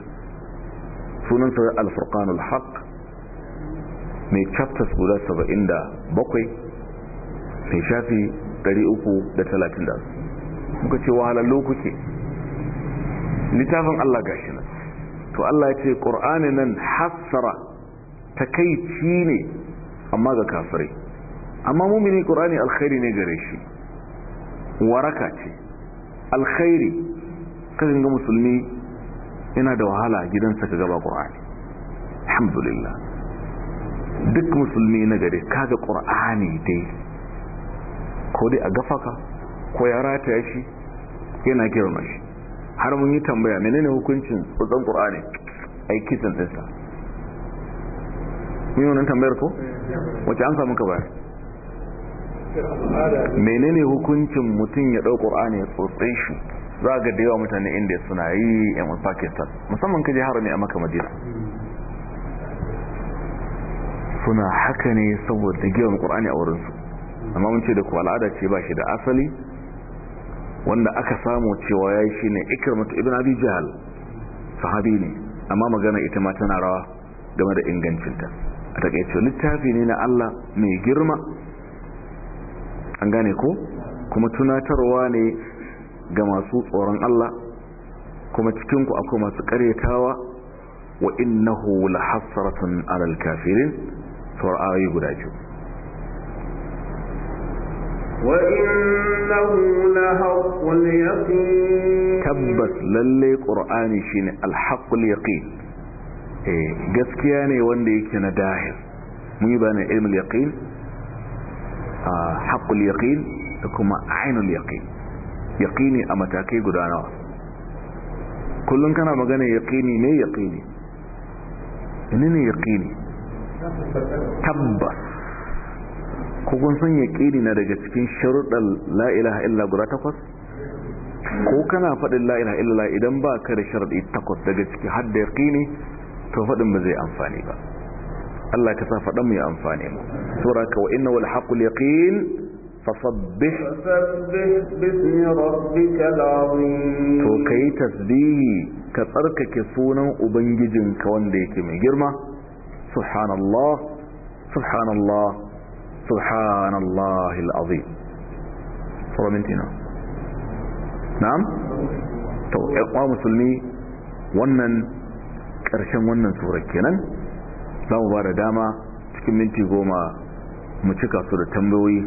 sunan sarar alfurkanul haq mai chapters guda 77 mai shafi 330 muka ce wahalallo kuke littafin Allah gashi nan to Allah ya ce ƙur'ani nan hassara takaici ne amma ga kafirai amma mumini ƙur'ani alkhairi ne gare shi waraka ce alkhairi kasan ga musulmi yana da wahala gidansa ka gaba ƙur'ani alhamdulillah duk musulmi na gare kaga ƙur'ani dai ko dai a gafaka ko ya rataya shi yana girma shi har mun yi tambaya menene hukuncin tsotson qur'ani ai kitan tsatsa mun yi wannan tambayar ko wace an samu ka bayar menene hukuncin mutum ya dau qur'ani ya tsotse shi za ga da yawa mutane inda suna yi a pakistan musamman kaje harami a maka madina suna haka ne saboda giyan qur'ani a wurinsu amma mun ce da ku al'ada ce ba shi da asali wanda aka samu cewa ya yi shi ne ikirmatu ibn abi jihal sahabi ne amma magana ita ma tana rawa game da ingancinta a takaice littafi ne na Allah mai girma an gane ko kuma tunatarwa ne ga masu tsoron Allah kuma cikinku akwai masu karyatawa wa innahu la hasratun alal kafirin sura ayi guda biyu وإنه لحق اليقين تبت للي قرآن شين الحق اليقين gaskiya ne wanda yake na dahil mu yi ba bayanin ilmul yaqin haqqul yaqin da kuma ainul yaqin yaqini a matakai guda nawa kullum kana magana yaqini ne yaqini ne ne yaqini tabbas kun san yaƙini na daga cikin sharuɗar la ilaha illa guda takwas ko kana faɗin la ilaha illa idan ba ka da sharaɗi takwas daga ciki har ya yaƙini to faɗin ba zai amfani ba Allah ka sa faɗan mu ya amfani mu sura ka wa inna wal haqqul yaqin fasabbih fasabbih bismi rabbikal azim to kai tasbihi ka tsarkake sunan ubangijinka wanda yake mai girma subhanallah subhanallah subhanallah na'am to musulmi wannan ƙarshen wannan tsoron kenan za mu ba da dama cikin minti goma mu cika su da tambayoyi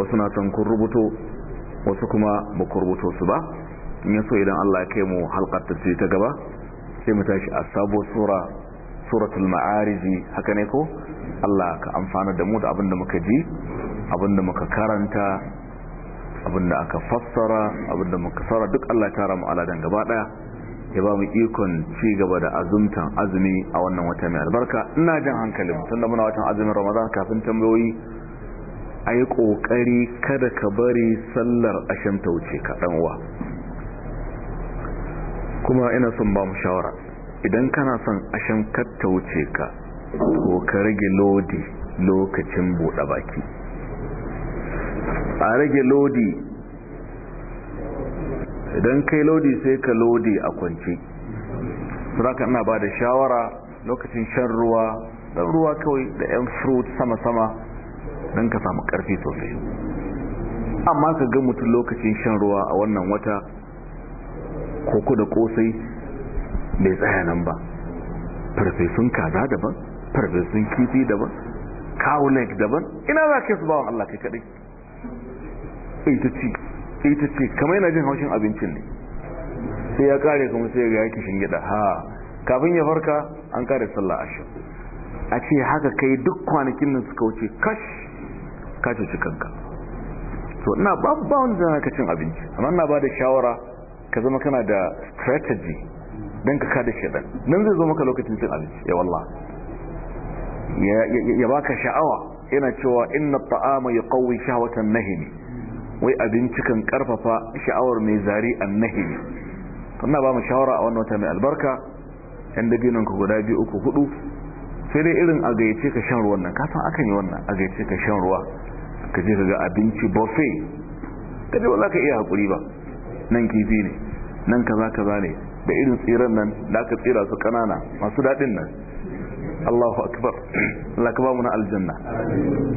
wasu na san kun wasu kuma ba ku rubuto su ba in yaso idan allah ya kai mu halkar ta ce ta gaba sai mu tashi a sabuwar sura. suratul ma'ariji haka ne ko Allah ka amfana da mu da abinda muka ji abinda muka karanta abinda aka fassara abinda muka tsara. duk Allah tara mu aladan gaba daya ya ba mu ikon ci gaba da azumtan azumi a wannan wata mai albarka ina jan hankalin tunda muna watan azumin Ramadan kafin tambayoyi ayi kokari kada ka bari sallar ashan ta wuce ka dan uwa kuma ina son ba mu shawara idan kana son ashen katta wuce ka ko ka rage lodi lokacin buɗe baki a rage lodi idan kai lodi sai ka lodi a kwanci suraka ina ba da shawara lokacin shan ruwa ɗan ruwa kawai da 'yan fruit sama-sama don ka samu ƙarfi sosai amma ka ga mutum lokacin shan ruwa a wannan wata koko da kosai bai tsaya nan ba farfesun kaza daban farfesun kifi daban cow daban ina za ka yi su wa Allah kai kaɗai ita ce ita yana jin haushin abincin ne sai ya kare kuma sai ya yake gida ha kafin ya farka an kare sallah ashir a ce haka kai duk kwanakin nan suka wuce kash ka ci kanka to ina babban bawon cin abinci amma ina ba da shawara ka zama kana da strategy don ka kada shaɗan nan zai zo maka lokacin cin abinci ya wallah ya baka sha'awa yana cewa inna ta'ama ya kawai shahawatan nahini wai abinci kan karfafa sha'awar mai zari an nahimi tana ba mu shawara a wannan wata mai albarka yan ginin ka guda biyu uku hudu sai dai irin a gayyace ka shan ruwan nan ka san akan yi wannan a gayyace ka shan ruwa ka je ga abinci buffet ka je wala ka iya hakuri ba nan kifi ne nan kaza kaza ne da irin tsiran nan da aka tsira su kanana masu daɗin nan Allahu akbar Allah ka ba mu na aljanna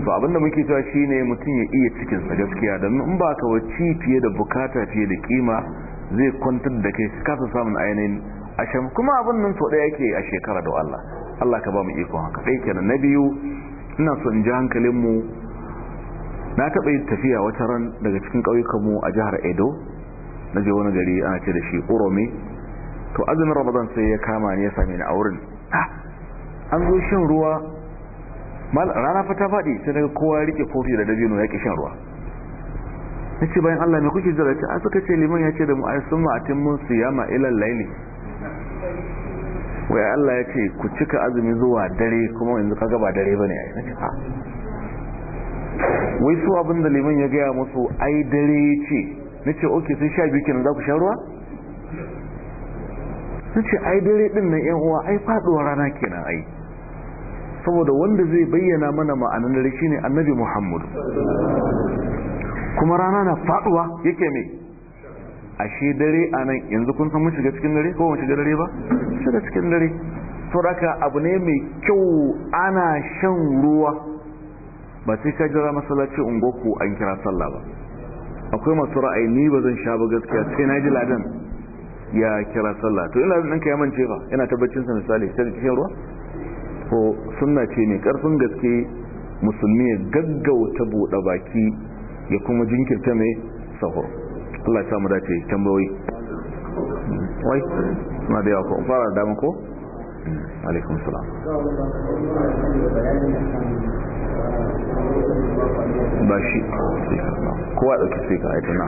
to abinda muke cewa shine mutum ya iya cikin sa gaskiya dan in ba ka wace fiye da bukata fiye da kima zai kwantar da kai ka ta samun ainihin asham kuma abin nan to daya yake a shekara da Allah Allah ka ba mu iko haka dai kenan na biyu ina son in ji hankalin mu na taɓa yin tafiya wata ran daga cikin ƙauyukan mu a jihar Edo na je wani gari ana ce da shi Orome to azumin ramadan sai ya kama ne ya same ni a wurin ah, an zo shan ruwa rana fata ta faɗi sai daga kowa ya rike kofi da dabino ya ƙi shan ruwa na ce bayan allah mai kuke zara ce a ah, suka ce liman ya ce da mu a sun ma'atin mun siyama ilan laili wai allah ya ce ku cika azumi zuwa dare kuma yanzu kaga ba dare ba ne a ha ah. wai su abin liman ya gaya musu ai dare ce na ce oke sun sha biyu kenan za ku sha ruwa su ce ai dare din nan yan uwa ai faduwar rana kenan ai saboda wanda zai bayyana mana ma'anar dare shine annabi muhammadu kuma rana na faduwa yake me ashe dare anan yanzu kun san mun shiga cikin dare ko mun shiga dare ba shiga cikin dare saboda abu ne mai kyau ana shan ruwa ba sai ka jira masallaci ungoku an kira sallah ba akwai masu ra'ayi ni bazan sha ba gaskiya sai na ji ladan ya kira sallah to ina nan ka ya mance ba yana tabbacin sa misali sai cikin ruwa ko sunna ce ne karfin gaske musulmi ya gaggauta bude baki ya kuma jinkirta mai sahur Allah ya samu dace tambayoyi wai suna da yawa ko fara da ko alaikum salam ba shi kowa ɗauki sai ka aika na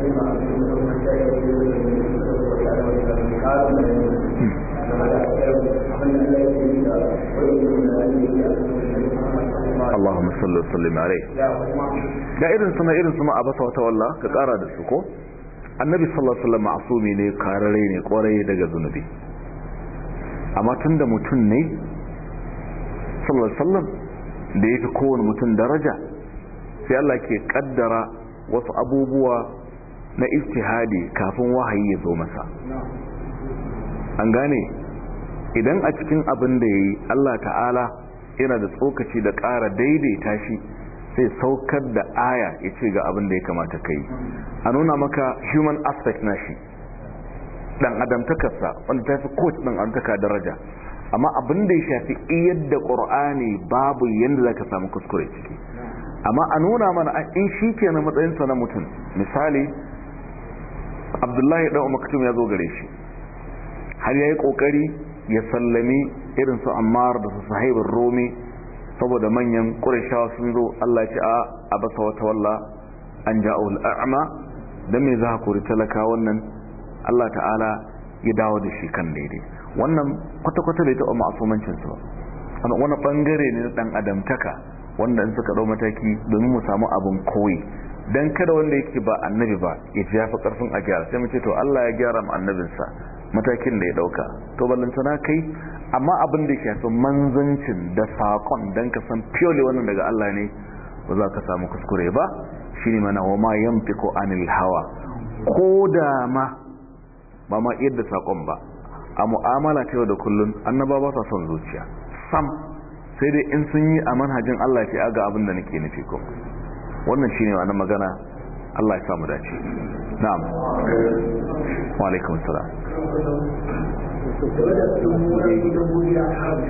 Allahumma salli wa sallim alayhi da irin suna irin suna a basa wata wallah ka kara da su ko annabi sallallahu alaihi wasallam ma'sumi ne kararai ne kwarai daga zunubi amma tunda mutum ne sallallahu alaihi wasallam da yake kowane mutum daraja sai Allah ke kaddara wasu abubuwa na istihadi kafin wahayi ya zo masa an gane idan a cikin abin da ya yi allah ta'ala yana da tsokaci da ƙara daidaita shi sai saukar da aya ya ce ga abin da ya kamata ka yi a nuna maka human aspect na shi ɗan adamtakarsa wanda ta fi coach dan adamtaka daraja amma abin da ya shafi iyadda ƙur'ani babu yadda za ka samu kuskure ciki amma a nuna mana in shi ke na matsayinsa na mutum misali abdullahi ɗan maktum ya zo gare shi har ya yi ƙoƙari ya sallami irin su ammar da su sahibin romi saboda manyan ƙurashawa sun zo allah ce a abasa wata walla an a a'ama don me za a kori talaka wannan allah ta'ala ya dawo da shi kan daidai wannan kwata-kwata bai taɓa ma'asumancinsu ba wani ɓangare ne na ɗan adamtaka wanda in suka ɗau mataki domin mu samu abin koyi dan kada wanda yake ba annabi ba ya ji yafi karfin a gyara sai muke to Allah ya gyara mu annabinsa matakin da ya dauka to sana kai amma abin da yake so manzancin da sakon dan ka san purely wannan daga Allah ne ba za ka samu kuskure ba shine mana wa ma yamtiku anil hawa ko da ma ba ma yadda sakon ba a mu'amala ta yau da kullun annaba ba sa son zuciya sam sai dai in sun yi a manhajin Allah ke aga abin da nake nufi ko. wannan shine wannan magana Allah ya samu dace na'am wa alaikum salam idan mutum mm-hmm. yana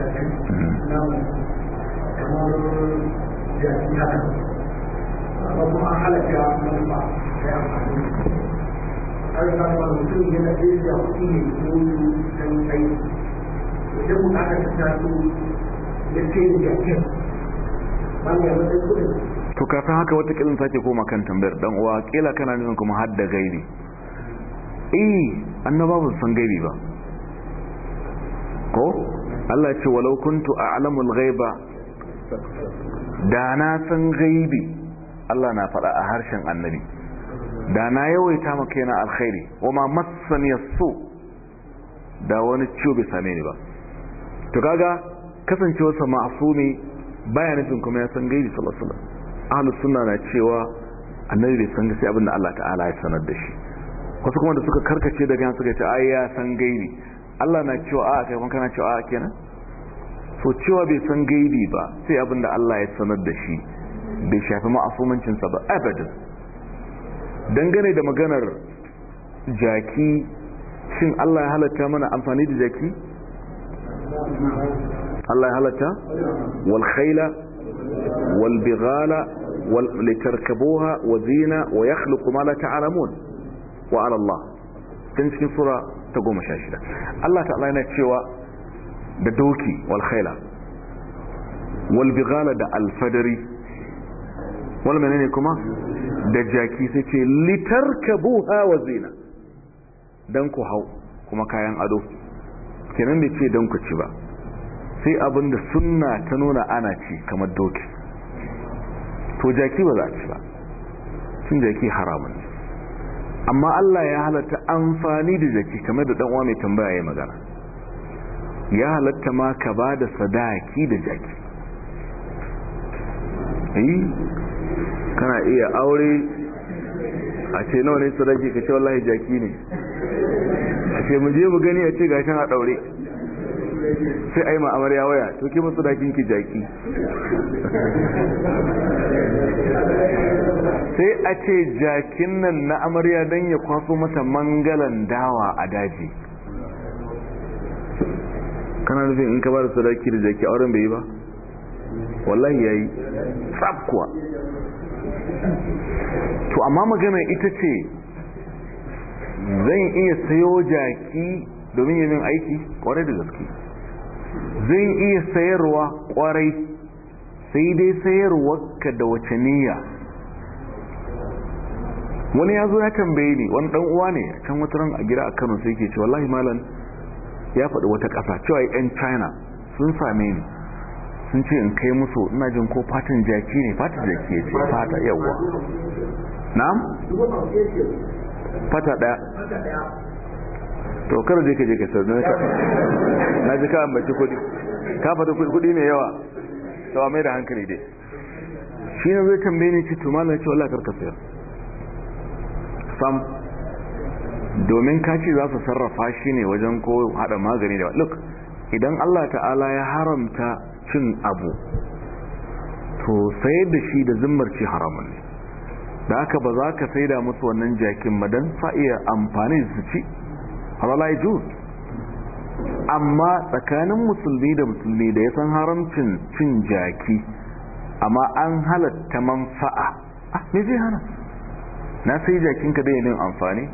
da ba ya kudin to ka san haka wata kilin sake koma kan tambayar dan uwa kila kana nuna kuma hadda gaibi eh annaba ba san gaibi ba ko Allah ya ce walau kuntu a'lamul ghaiba da na san gaibi Allah na faɗa a harshen annabi da na yawaita maka yana alkhairi wa ma massan yasu da wani ciwo bai same ni ba to kaga kasancewarsa ma'asumi baya nufin kuma ya san gaibi sallallahu alaihi ahlus sunna na cewa annabi bai san sai abin da Allah ta'ala ya sanar da shi wasu kuma da suka karkace daga yan suka ce ai ya san gaibi Allah na cewa a kai kana cewa a kenan so cewa bai san gaibi ba sai abin da Allah ya sanar da shi bai shafi ma'asumancin sa ba abadan dangane da maganar jaki shin Allah ya halatta mana amfani da jaki Allah ya halatta wal khayla wal bighala litarkabuha wa zina wa yakhluqu ma la ta'lamun wa ala Allah tun cikin sura ta 16 Allah ta'ala yana cewa da doki wal khayla wal bighala da alfadari wal menene kuma da jaki sai ce litarkabuha wa zina dan ku hau kuma kayan ado kenan bai ce dan ku ci ba sai abinda sunna ta nuna ana ci kamar doki to jaki ba za a ci ba cin jaki haramun amma Allah ya halatta amfani da jaki kamar da uwa mai tambaya ya magana ya halatta ma ka ba da sadaki da jaki yi eh, kana iya aure a ce nawa ne sadaki ka ce wallahi jaki ne a ce mu je mu gani a ce gashin a ɗaure sai a yi ma'amar ya waya to ke masu dakin ki jaki sai a ce jakin nan na amarya don ya kwaso mata mangalan dawa a daji kana nufin in ka ba da sadaki da jaki a wurin bai yi ba wallahi ya yi tsab to amma magana ita ce zan iya sayo jaki domin yamin aiki kwarai da gaske zai iya sayarwa kwarai sai dai sayarwa ka da wace niyya wani ya zo ya tambaye ni wani dan uwa ne can wata ran a gida a Kano sai ke ce wallahi malam ya faɗi wata ƙasa cewa yan China sun same ni sun ce in kai musu ina jin ko fatan jaki ne fatan jaki ya ce fata yawwa na fata ɗaya. to kada je ka je ka na na ji ka ambaci kudi ka fata kudi mai yawa to mai da hankali dai shi ne zai tambaye ni ce to mallan ce wallahi karka sayar sam domin ka ce za su sarrafa shi ne wajen ko hada magani da look idan Allah ta'ala ya haramta cin abu to sayar da shi da zimmar ci haramun da aka ba za ka sai da musu wannan jakin madan sa iya amfani su ci halala ya amma tsakanin musulmi da musulmi da ya san haramcin cin jaki amma an halatta manfa'a ah me zai hana na sai ka da yin amfani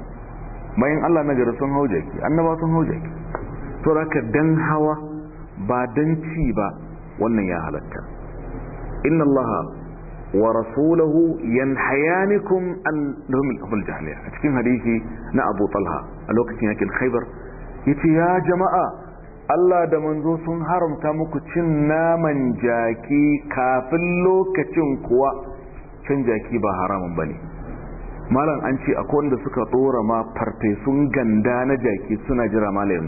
bayan Allah na gari sun hau jaki annaba sun hau jaki to raka dan hawa ba dan ci ba wannan ya halatta inna wa rasuluhu yanhayanikum al jahiliya a cikin hadisi na Abu Talha a lokacin yakin Khaibar yace ya jama'a Allah da manzo sun haramta muku cin naman jaki kafin lokacin kuwa cin jaki ba haramun bane malam an ce akwai wanda suka dora ma farfesun ganda na jaki suna jira malayin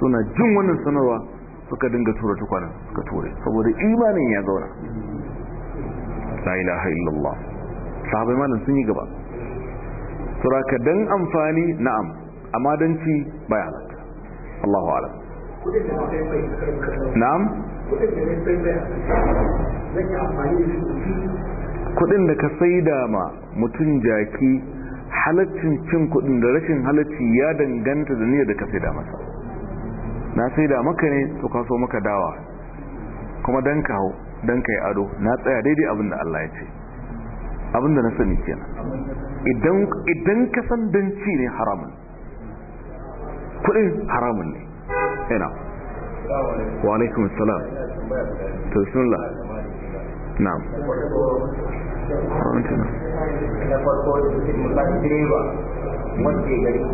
suna jin wannan sanarwa suka dinga tura tukwanan suka ture saboda imanin ya zauna la ilaha illallah sahabai malam sun yi gaba suraka dan amfani na'am amma dan ci baya Allahu alam na'am kudin da ka saida ma mutum jaki halaccin cin kudin da rashin halacci ya danganta da niyyar da ka saida masa na saida maka ne to ka so maka dawa kuma dan kawo don ka yi ado na tsaya daidai abin da Allah ya ce abin da na sani kenan idan ka san danci ne haramun kudin haramun ne yana wa alaikum salam to sunla na'am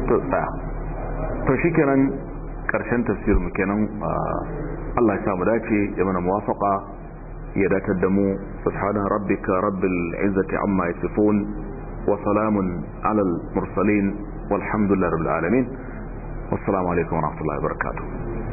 to tsaya to shi kenan karshen tafsir mu kenan Allah ya samu dace ya mana muwafaqa ya datar da mu subhana rabbika rabbil izzati amma yasifun wa salamun alal mursalin walhamdulillahi rabbil alamin wassalamu alaikum warahmatullahi wabarakatuh